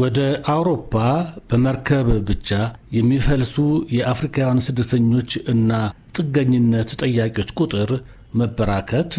ወደ አውሮፓ በመርከብ ብቻ የሚፈልሱ የአፍሪካውያን ስደተኞች እና ጥገኝነት ጠያቂዎች ቁጥር መበራከት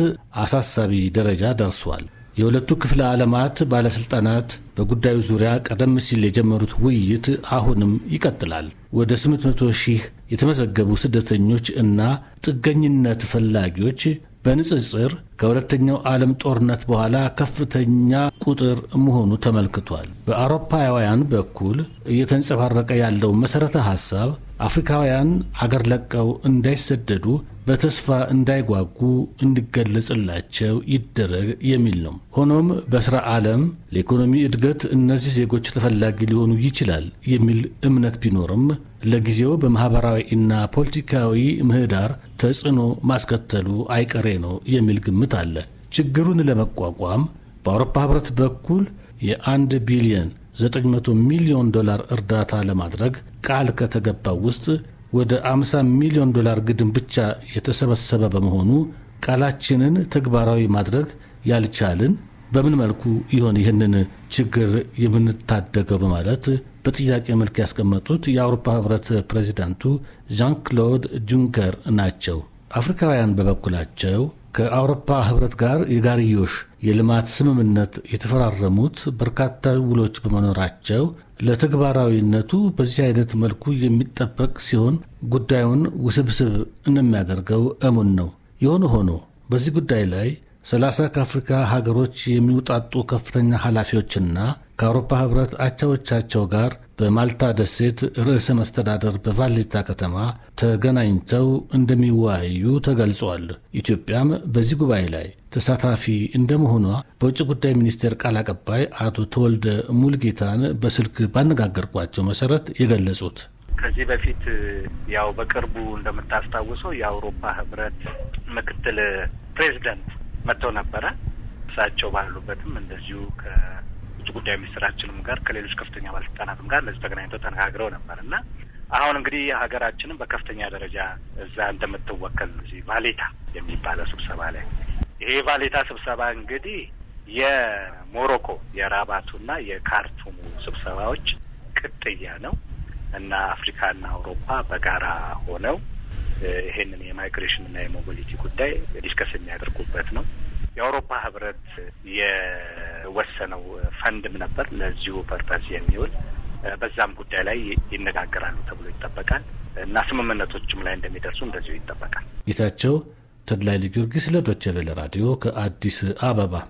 አሳሳቢ ደረጃ ደርሷል። የሁለቱ ክፍለ ዓለማት ባለሥልጣናት በጉዳዩ ዙሪያ ቀደም ሲል የጀመሩት ውይይት አሁንም ይቀጥላል። ወደ 800 ሺህ የተመዘገቡ ስደተኞች እና ጥገኝነት ፈላጊዎች በንጽጽር ከሁለተኛው ዓለም ጦርነት በኋላ ከፍተኛ ቁጥር መሆኑ ተመልክቷል። በአውሮፓውያን በኩል እየተንጸባረቀ ያለው መሠረተ ሐሳብ አፍሪካውያን አገር ለቀው እንዳይሰደዱ በተስፋ እንዳይጓጉ እንዲገለጽላቸው ይደረግ የሚል ነው። ሆኖም በሥራ ዓለም ለኢኮኖሚ እድገት እነዚህ ዜጎች ተፈላጊ ሊሆኑ ይችላል የሚል እምነት ቢኖርም ለጊዜው በማኅበራዊ እና ፖለቲካዊ ምህዳር ተጽዕኖ ማስከተሉ አይቀሬ ነው የሚል ግምት አለ። ችግሩን ለመቋቋም በአውሮፓ ኅብረት በኩል የአንድ ቢሊየን 900 ሚሊዮን ዶላር እርዳታ ለማድረግ ቃል ከተገባው ውስጥ ወደ 50 ሚሊዮን ዶላር ግድም ብቻ የተሰበሰበ በመሆኑ ቃላችንን ተግባራዊ ማድረግ ያልቻልን በምን መልኩ ይሆን ይህንን ችግር የምንታደገው በማለት በጥያቄ መልክ ያስቀመጡት የአውሮፓ ህብረት ፕሬዚዳንቱ ዣን ክሎድ ጁንከር ናቸው። አፍሪካውያን በበኩላቸው ከአውሮፓ ህብረት ጋር የጋርዮሽ የልማት ስምምነት የተፈራረሙት በርካታ ውሎች በመኖራቸው ለተግባራዊነቱ በዚህ አይነት መልኩ የሚጠበቅ ሲሆን ጉዳዩን ውስብስብ እንደሚያደርገው እሙን ነው። የሆነ ሆኖ በዚህ ጉዳይ ላይ ሰላሳ ከአፍሪካ ሀገሮች የሚውጣጡ ከፍተኛ ኃላፊዎችና ከአውሮፓ ህብረት አቻዎቻቸው ጋር በማልታ ደሴት ርዕሰ መስተዳደር በቫሌታ ከተማ ተገናኝተው እንደሚወያዩ ተገልጿል። ኢትዮጵያም በዚህ ጉባኤ ላይ ተሳታፊ እንደመሆኗ በውጭ ጉዳይ ሚኒስቴር ቃል አቀባይ አቶ ተወልደ ሙልጌታን በስልክ ባነጋገርኳቸው መሰረት የገለጹት ከዚህ በፊት ያው በቅርቡ እንደምታስታውሰው የአውሮፓ ህብረት ምክትል ፕሬዚደንት መጥተው ነበረ። እሳቸው ባሉበትም እንደዚሁ ከውጭ ጉዳይ ሚኒስትራችንም ጋር ከሌሎች ከፍተኛ ባለስልጣናትም ጋር ለዚህ ተገናኝተው ተነጋግረው ነበር እና አሁን እንግዲህ ሀገራችንም በከፍተኛ ደረጃ እዛ እንደምትወከል እዚህ ቫሌታ የሚባለው ስብሰባ ላይ ይሄ ቫሌታ ስብሰባ እንግዲህ የሞሮኮ የራባቱና የካርቱሙ ስብሰባዎች ቅጥያ ነው እና አፍሪካና አውሮፓ በጋራ ሆነው ይሄንን የማይግሬሽንና የሞቢሊቲ ጉዳይ ዲስከስ የሚያደርጉበት ነው። የአውሮፓ ህብረት የወሰነው ፈንድም ነበር ለዚሁ ፐርፐዝ የሚውል በዛም ጉዳይ ላይ ይነጋገራሉ ተብሎ ይጠበቃል እና ስምምነቶችም ላይ እንደሚደርሱ እንደዚሁ ይጠበቃል። ጌታቸው ተድላይ ልጊዮርጊስ ለዶቼ ቬለ ራዲዮ ከአዲስ አበባ